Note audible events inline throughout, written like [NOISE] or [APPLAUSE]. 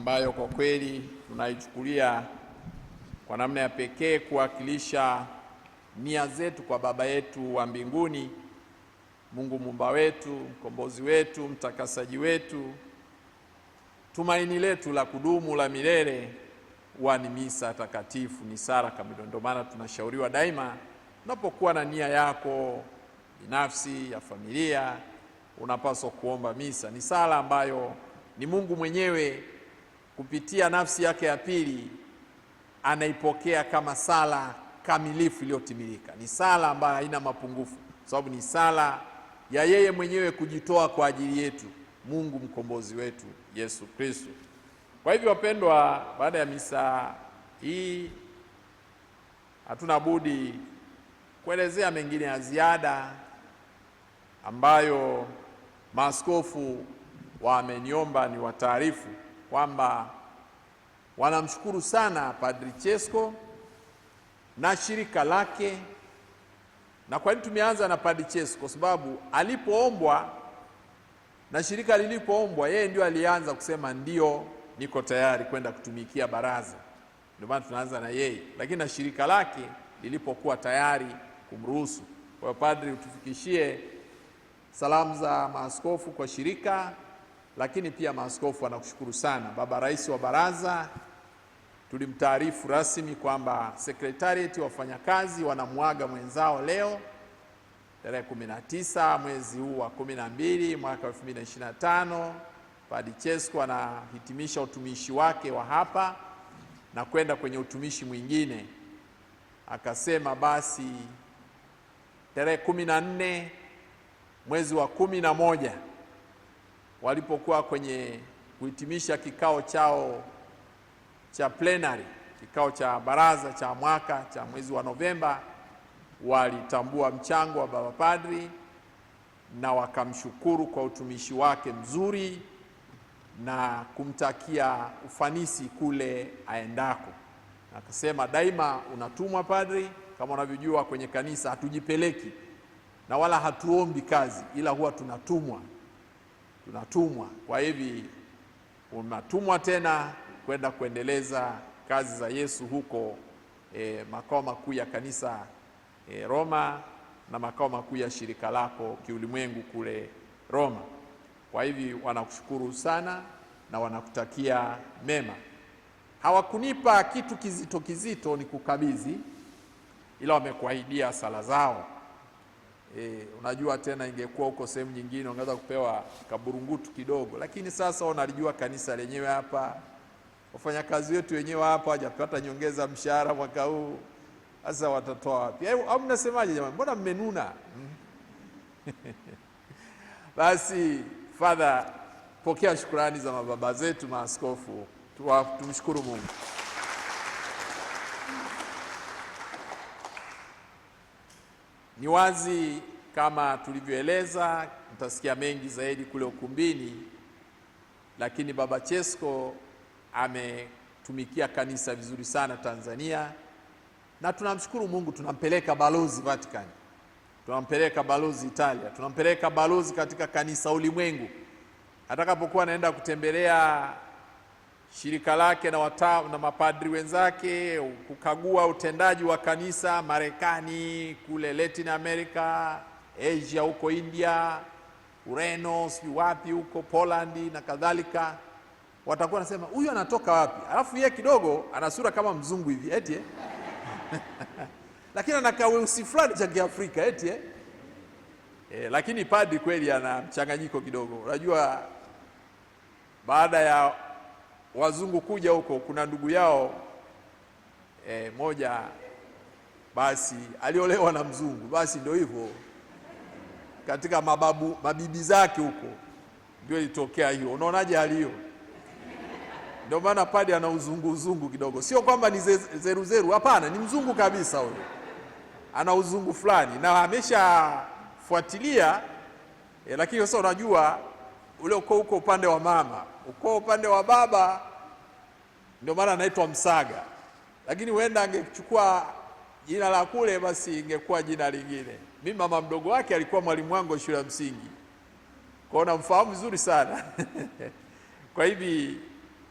ambayo kwa kweli tunaichukulia kwa namna ya pekee kuwakilisha nia zetu kwa Baba yetu wa mbinguni, Mungu muumba wetu, mkombozi wetu, mtakasaji wetu, tumaini letu la kudumu la milele huwa ni misa takatifu, ni sala kamili. Ndio maana tunashauriwa daima, unapokuwa na nia yako binafsi ya familia, unapaswa kuomba misa. Ni sala ambayo ni Mungu mwenyewe kupitia nafsi yake ya pili anaipokea kama sala kamilifu iliyotimilika. Ni sala ambayo haina mapungufu, kwa sababu ni sala ya yeye mwenyewe kujitoa kwa ajili yetu, Mungu mkombozi wetu Yesu Kristo. Kwa hivyo, wapendwa, baada ya misa hii hatuna budi kuelezea mengine ya ziada ambayo maaskofu wameniomba ni wataarifu kwamba wanamshukuru sana Padri Chesko na shirika lake. Na kwa nini tumeanza na Padri Chesko? Kwa sababu alipoombwa na shirika lilipoombwa, yeye ndio alianza kusema ndio, niko tayari kwenda kutumikia baraza. Ndio maana tunaanza na yeye, lakini na shirika lake lilipokuwa tayari kumruhusu. Kwa padri, utufikishie salamu za maaskofu kwa shirika lakini pia maaskofu wanakushukuru sana. Baba Rais wa Baraza tulimtaarifu rasmi kwamba sekretarieti wafanyakazi wanamwaga mwenzao leo tarehe 19 mwezi huu wa 12 mwaka 2025. Padre Chesco anahitimisha utumishi wake wa hapa na kwenda kwenye utumishi mwingine. Akasema basi tarehe 14 mwezi wa moja walipokuwa kwenye kuhitimisha kikao chao cha plenary, kikao cha baraza cha mwaka cha mwezi wa Novemba, walitambua mchango wa baba padri na wakamshukuru kwa utumishi wake mzuri na kumtakia ufanisi kule aendako. Akasema, daima unatumwa padri, kama unavyojua kwenye kanisa hatujipeleki na wala hatuombi kazi, ila huwa tunatumwa tunatumwa. Kwa hivi unatumwa tena kwenda kuendeleza kazi za Yesu huko e, makao makuu ya kanisa e, Roma na makao makuu ya shirika lako kiulimwengu kule Roma. Kwa hivi wanakushukuru sana na wanakutakia mema. Hawakunipa kitu kizito kizito ni kukabidhi, ila wamekuahidia sala zao. E, unajua tena ingekuwa huko sehemu nyingine ungeweza kupewa kaburungutu kidogo, lakini sasa unalijua kanisa lenyewe hapa, wafanyakazi wetu wenyewe hapa hawajapata nyongeza mshahara mwaka huu, sasa watatoa wapi? Au mnasemaje jamani, mbona mmenuna? [LAUGHS] Basi Father, pokea shukurani za mababa zetu maaskofu, tumshukuru Mungu. Ni wazi kama tulivyoeleza, mtasikia mengi zaidi kule ukumbini, lakini Baba Chesko ametumikia kanisa vizuri sana Tanzania, na tunamshukuru Mungu. Tunampeleka balozi Vatican, tunampeleka balozi Italia, tunampeleka balozi katika kanisa ulimwengu, atakapokuwa anaenda kutembelea shirika lake na wata, na mapadri wenzake kukagua utendaji wa kanisa Marekani, kule Latin America, Asia, huko India, Ureno, sijui wapi huko Poland na kadhalika. Watakuwa nasema huyu anatoka wapi? Alafu yeye kidogo ana sura kama mzungu hivi eti eh? [LAUGHS] lakini ana kausi fulani cha Kiafrika eti eh? Eh, lakini padri kweli ana mchanganyiko kidogo, unajua baada ya wazungu kuja huko, kuna ndugu yao e, moja basi aliolewa na mzungu, basi ndio hivyo katika mababu mabibi zake huko ndio ilitokea hiyo. Unaonaje hali hiyo? Ndio maana padi ana uzungu uzungu kidogo, sio kwamba ni zeruzeru zeru, hapana, ni mzungu kabisa huyo, ana uzungu fulani na ameshafuatilia e, lakini sasa unajua ule ukoo huko upande wa mama, ukoo upande wa baba, ndio maana anaitwa Msaga. Lakini huenda angechukua jina la kule, basi ingekuwa jina lingine. Mimi mama mdogo wake alikuwa mwalimu wangu shule ya msingi, kwa hiyo namfahamu vizuri sana [LAUGHS] kwa hivi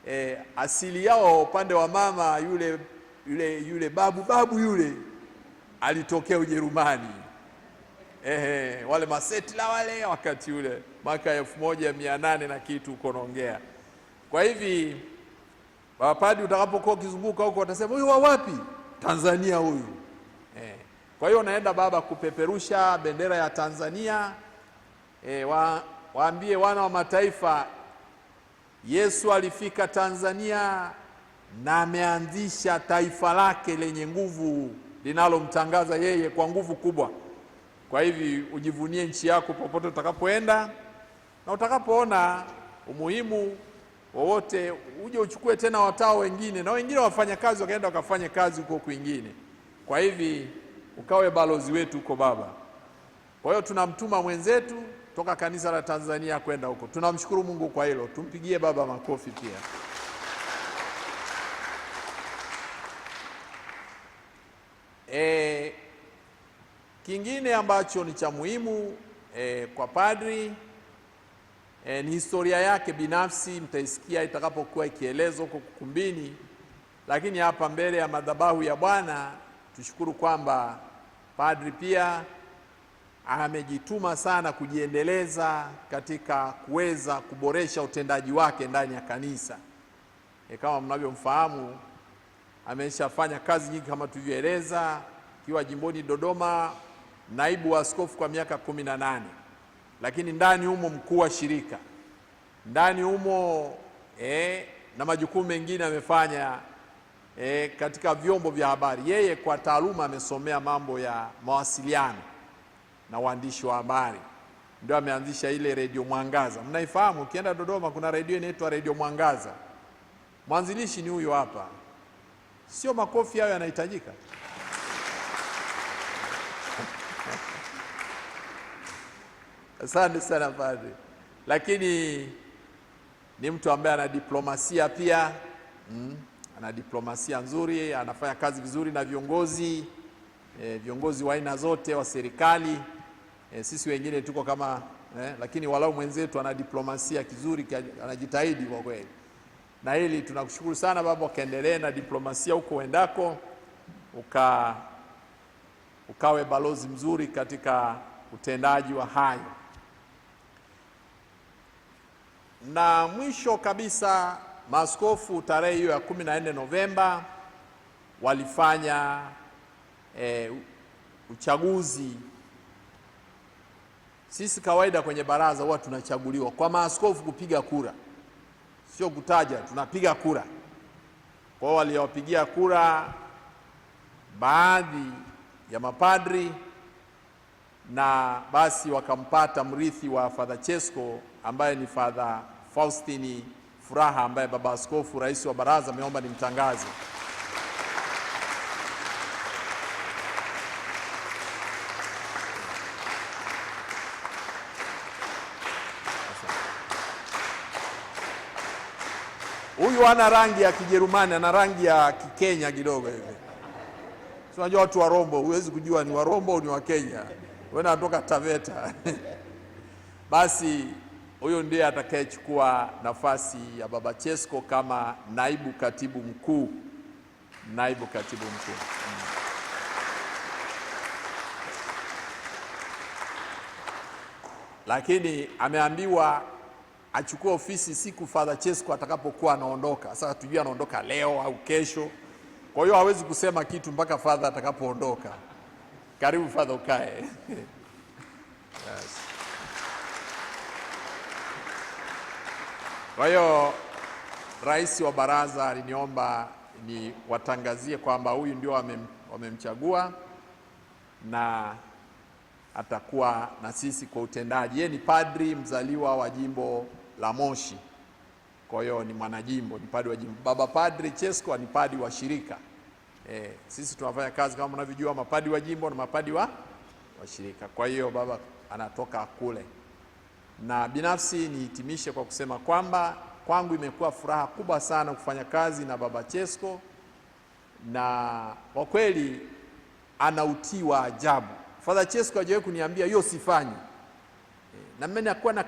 eh, asili yao upande wa mama yule yule yule babu babu yule alitokea Ujerumani ehe, wale masetla wale wakati ule mwaka elfu moja mia nane na kitu uko naongea. Kwa hivi wapadi, utakapokuwa ukizunguka huko watasema huyu wa wapi? Tanzania huyu eh. Kwa hiyo naenda baba kupeperusha bendera ya Tanzania eh, wa, waambie wana wa mataifa Yesu alifika Tanzania na ameanzisha taifa lake lenye nguvu linalomtangaza yeye kwa nguvu kubwa. Kwa hivi ujivunie nchi yako popote utakapoenda, na utakapoona umuhimu wowote uje uchukue tena watao wengine, na wengine wafanyakazi wakaenda wakafanye kazi huko kwingine. Kwa hivi ukawe balozi wetu huko Baba. Kwa hiyo tunamtuma mwenzetu toka kanisa la Tanzania kwenda huko. Tunamshukuru Mungu kwa hilo, tumpigie Baba makofi pia. Kingine ambacho ni cha muhimu e, kwa padri e, ni historia yake binafsi. Mtaisikia itakapokuwa ikielezwa huko kukumbini, lakini hapa mbele ya madhabahu ya Bwana tushukuru kwamba padri pia amejituma sana kujiendeleza katika kuweza kuboresha utendaji wake ndani ya kanisa. E, kama mnavyomfahamu ameshafanya kazi nyingi kama tulivyoeleza, akiwa jimboni Dodoma naibu wa askofu kwa miaka kumi na nane, lakini ndani humo mkuu wa shirika ndani humo eh, na majukumu mengine amefanya eh, katika vyombo vya habari. Yeye kwa taaluma amesomea mambo ya mawasiliano na uandishi wa habari, ndio ameanzisha ile redio Mwangaza. Mnaifahamu, ukienda Dodoma kuna redio inaitwa redio Mwangaza. Mwanzilishi ni huyo hapa. Sio makofi hayo yanahitajika. Asante sana padre, lakini ni mtu ambaye ana diplomasia pia mm. Ana diplomasia nzuri, anafanya kazi vizuri na viongozi e, viongozi wa aina zote wa serikali e, sisi wengine tuko kama eh, lakini walau mwenzetu ana diplomasia kizuri, anajitahidi kwa kweli. Na hili tunakushukuru sana baba, ukaendelee na diplomasia huko uendako, uka ukawe balozi mzuri katika utendaji wa hayo. Na mwisho kabisa, maaskofu tarehe hiyo ya 14 Novemba walifanya e, uchaguzi. Sisi kawaida kwenye baraza huwa tunachaguliwa kwa maaskofu kupiga kura, sio kutaja, tunapiga kura. Kwa hiyo waliowapigia kura baadhi ya mapadri na basi wakampata mrithi wa Father Chesko ambaye ni Father Faustini Furaha ambaye baba askofu rais wa baraza ameomba nimtangaze. Huyu ana rangi ya Kijerumani, ana rangi ya Kikenya kidogo hivi. Si unajua watu wa Rombo, huwezi kujua ni wa Rombo au ni wa Kenya. Wewe unatoka Taveta. [LAUGHS] Basi Huyu ndiye atakayechukua nafasi ya Baba Chesko kama naibu katibu mkuu, naibu katibu mkuu. Hmm. Lakini ameambiwa achukue ofisi siku Father Chesko atakapokuwa anaondoka. Sasa tujue anaondoka leo au kesho, kwa hiyo hawezi kusema kitu mpaka Father atakapoondoka. Karibu Father, ukae. [LAUGHS] Yes. Kwa hiyo rais wa baraza aliniomba watangazie kwamba huyu ndio wamem, wamemchagua na atakuwa na sisi kwa utendaji. Yeye ni padri mzaliwa wa jimbo la Moshi, kwa hiyo ni mwanajimbo, ni padri wa jimbo. Baba Padri Chesko ni padri wa shirika e, sisi tunafanya kazi kama mnavyojua, mapadi wa jimbo na mapadi wa, wa shirika. Kwa hiyo baba anatoka kule na binafsi nihitimishe kwa kusema kwamba kwangu imekuwa furaha kubwa sana kufanya kazi na Baba Chesko, na kwa kweli ana utii wa ajabu. Father Chesko hajawahi kuniambia hiyo sifanyi, eh, na mimi akuwa na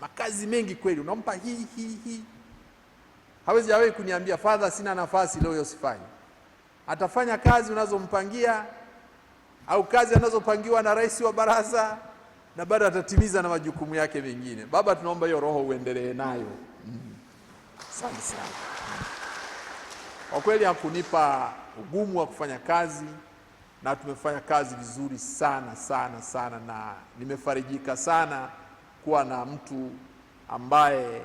makazi mengi kweli, unampa hii hii hii, hawezi hawezi kuniambia Father, sina nafasi leo, hiyo sifanyi. Atafanya kazi unazompangia au kazi anazopangiwa na rais wa baraza na bado atatimiza na majukumu yake mengine. Baba, tunaomba hiyo roho uendelee nayo. Mm. Asante sana kwa kweli, hakunipa ugumu wa kufanya kazi na tumefanya kazi vizuri sana sana sana, na nimefarijika sana kuwa na mtu ambaye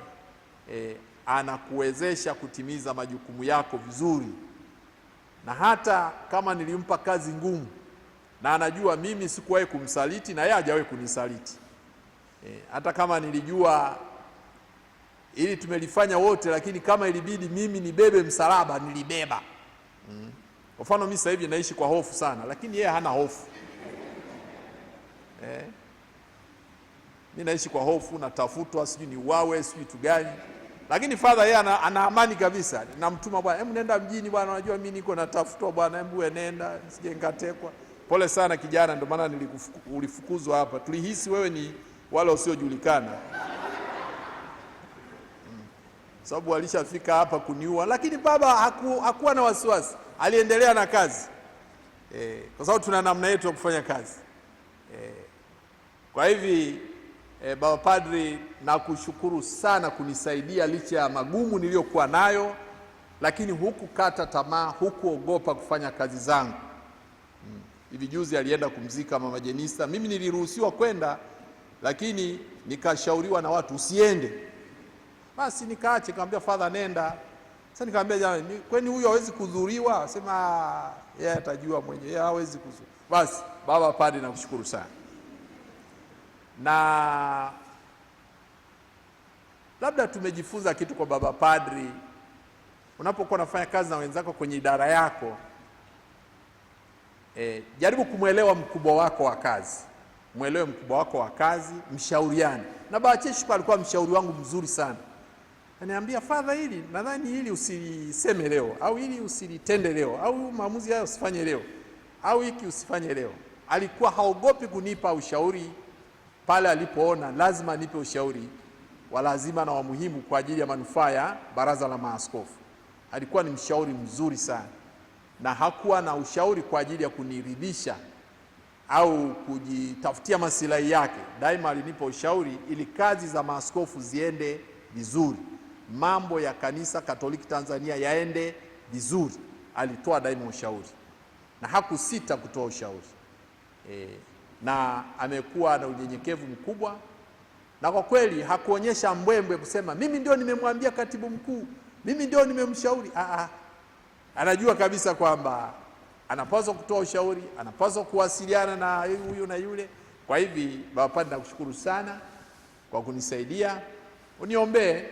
e, anakuwezesha kutimiza majukumu yako vizuri, na hata kama nilimpa kazi ngumu na anajua mimi sikuwahi kumsaliti na yeye hajawahi kunisaliti e, hata kama nilijua ili tumelifanya wote, lakini kama ilibidi mimi nibebe msalaba nilibeba. Mm. Kwa mfano mimi sasa hivi naishi kwa hofu sana, lakini yeye hana hofu eh. Mimi naishi kwa hofu, natafutwa, sijui ni wawe sijui tu gani, lakini father yeye ana, ana amani kabisa. Namtuma bwana, hebu nenda mjini bwana, unajua mimi niko natafutwa bwana, hebu nenda sije nikatekwa. Pole sana kijana, ndio maana ulifukuzwa hapa, tulihisi wewe ni wale wasiojulikana mm. Sababu alishafika hapa kuniua, lakini baba haku, hakuwa na wasiwasi, aliendelea na kazi e, kwa sababu tuna namna yetu ya kufanya kazi e. Kwa hivi e, baba padri, nakushukuru sana kunisaidia licha ya magumu niliyokuwa nayo, lakini hukukata tamaa, hukuogopa kufanya kazi zangu hivi juzi alienda kumzika mama Jenista. Mimi niliruhusiwa kwenda, lakini nikashauriwa na watu usiende, basi nikaache. Nikamwambia father, nenda. Sasa nikamwambia jamani, kwani huyu hawezi kudhuriwa? Sema ah, yeye atajua mwenyewe, hawezi kudhuriwa. Basi baba padre, nakushukuru sana na labda tumejifunza kitu kwa baba padri. Unapokuwa unafanya kazi na wenzako kwenye idara yako E, jaribu kumwelewa mkubwa wako wa kazi, mwelewe mkubwa wako wa kazi, mshauriane na Bahachishpa. Alikuwa mshauri wangu mzuri sana, aniambia fadha, hili nadhani hili usiliseme leo, au hili usilitende leo, au maamuzi hayo usifanye leo, au hiki usifanye leo. Alikuwa haogopi kunipa ushauri pale alipoona lazima nipe ushauri wa lazima na wa muhimu kwa ajili ya manufaa ya baraza la maaskofu. Alikuwa ni mshauri mzuri sana na hakuwa na ushauri kwa ajili ya kuniridhisha au kujitafutia masilahi yake. Daima alinipa ushauri ili kazi za maaskofu ziende vizuri, mambo ya kanisa Katoliki Tanzania yaende vizuri. Alitoa daima ushauri na hakusita kutoa ushauri e, na amekuwa na unyenyekevu mkubwa, na kwa kweli hakuonyesha mbwembwe kusema mimi ndio nimemwambia katibu mkuu, mimi ndio nimemshauri. Aa, anajua kabisa kwamba anapaswa kutoa ushauri, anapaswa kuwasiliana na huyu na yule. Kwa hivi baba nakushukuru sana kwa kunisaidia, uniombee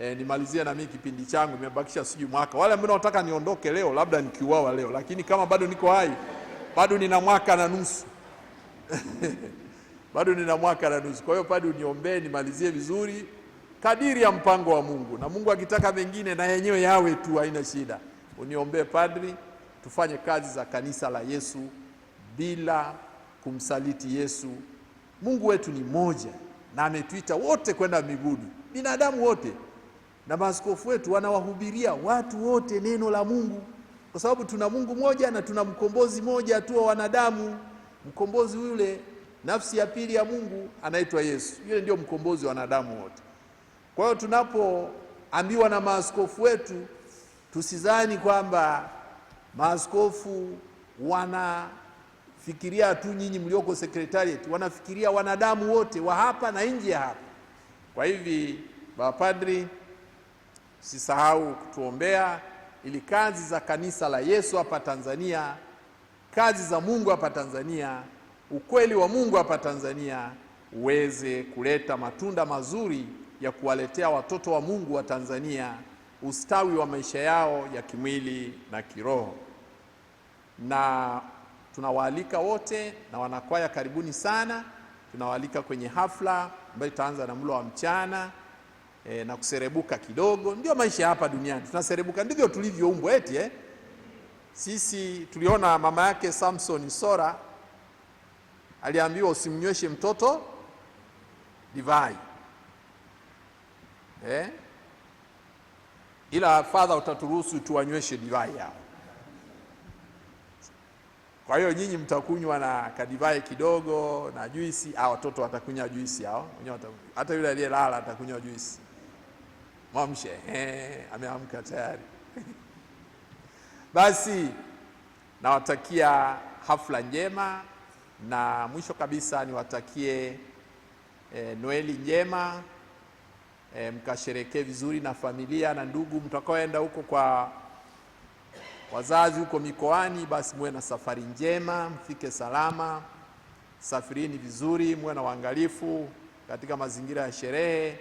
e, nimalizie na mimi kipindi changu, nimebakisha sijui mwaka. Wale ambao nataka niondoke leo, labda nikiuawa leo, lakini kama bado niko hai, bado nina mwaka na nusu [LAUGHS] bado nina mwaka na nusu. Kwa hiyo padre, uniombee nimalizie vizuri kadiri ya mpango wa Mungu, na Mungu akitaka mengine na yenyewe yawe tu, haina shida uniombee padri, tufanye kazi za kanisa la Yesu bila kumsaliti Yesu. Mungu wetu ni mmoja na ametuita wote kwenda mbinguni, binadamu wote, na maaskofu wetu wanawahubiria watu wote neno la Mungu, kwa sababu tuna Mungu mmoja na tuna mkombozi mmoja tu wa wanadamu. Mkombozi yule nafsi ya pili ya Mungu anaitwa Yesu, yule ndio mkombozi wa wanadamu wote. Kwa hiyo tunapoambiwa na maaskofu wetu tusizani kwamba maaskofu wanafikiria tu nyinyi mlioko sekretariat, wanafikiria wanadamu wote wa hapa na nje ya hapa. Kwa hivi mapadri, sisahau kutuombea ili kazi za kanisa la Yesu hapa Tanzania, kazi za Mungu hapa Tanzania, ukweli wa Mungu hapa Tanzania uweze kuleta matunda mazuri ya kuwaletea watoto wa Mungu wa Tanzania ustawi wa maisha yao ya kimwili na kiroho. Na tunawaalika wote na wanakwaya, karibuni sana. Tunawaalika kwenye hafla ambayo itaanza na mlo wa mchana e, na kuserebuka kidogo. Ndio maisha hapa duniani, tunaserebuka, ndivyo tulivyoumbwa eti eh? Sisi tuliona mama yake Samson Sora aliambiwa usimnyweshe mtoto divai eh? ila fadha utaturuhusu tuwanyweshe divai hao. Kwa hiyo nyinyi mtakunywa na kadivai kidogo na juisi, au watoto watakunywa juisi hao wenyewe, hata yule aliyelala atakunywa juisi. Mwamshe, eh, ameamka tayari. [LAUGHS] Basi nawatakia hafla njema na mwisho kabisa niwatakie eh, Noeli njema e, mkasherekee vizuri na familia na ndugu mtakaoenda huko kwa wazazi huko mikoani, basi muwe na safari njema, mfike salama, safirini vizuri, muwe na uangalifu katika mazingira ya sherehe.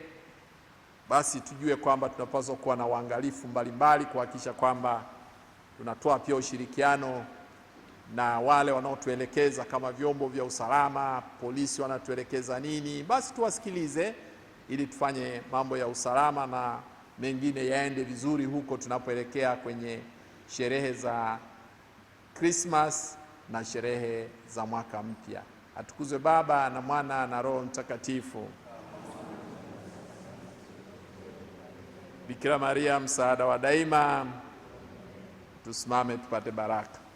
Basi tujue kwamba tunapaswa kuwa na uangalifu mbalimbali kuhakikisha kwamba tunatoa pia ushirikiano na wale wanaotuelekeza kama vyombo vya usalama, polisi wanatuelekeza nini, basi tuwasikilize ili tufanye mambo ya usalama na mengine yaende vizuri huko tunapoelekea kwenye sherehe za Krismas na sherehe za mwaka mpya. Atukuzwe Baba na Mwana na Roho Mtakatifu. Bikira Maria, msaada wa daima. Tusimame tupate baraka.